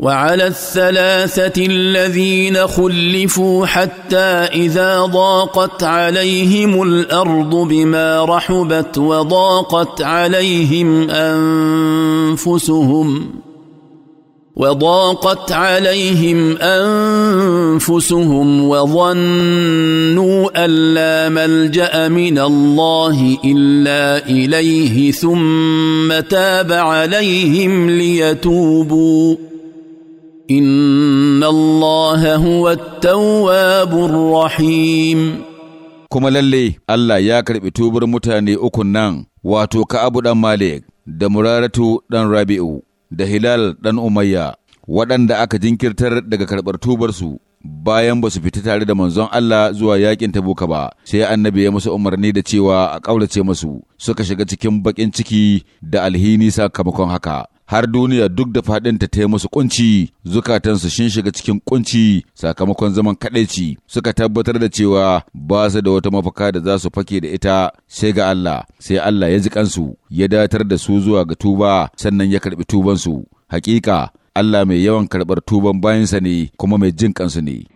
وعلى الثلاثه الذين خلفوا حتى اذا ضاقت عليهم الارض بما رحبت وضاقت عليهم انفسهم وضاقت عليهم انفسهم وظنوا ان لا ملجا من الله الا اليه ثم تاب عليهم ليتوبوا إن الله هو التواب الرحيم kuma lalle Allah ya karɓi tubar mutane ukun nan wato Ka'abu dan Malik da Muraratu ɗan Rabi'u da Hilal ɗan Umayya waɗanda aka jinkirtar daga karɓar tubarsu bayan ba su fita tare da manzon Allah zuwa yakin Tabuka ba sai annabi ya musu umarni da cewa a ƙaurace musu suka shiga cikin baƙin ciki da alhini sakamakon haka har duniya duk da faɗinta ta yi musu kunci zukatansu sun shiga cikin kunci sakamakon zaman kadaici suka tabbatar da cewa ba su da wata mafaka da za su fake da ita sai ga Allah sai Allah ya ji kansu ya datar da su zuwa ga tuba sannan ya karɓi tubansu hakika Allah mai yawan karɓar tuban bayansa ne kuma mai jin kansu ne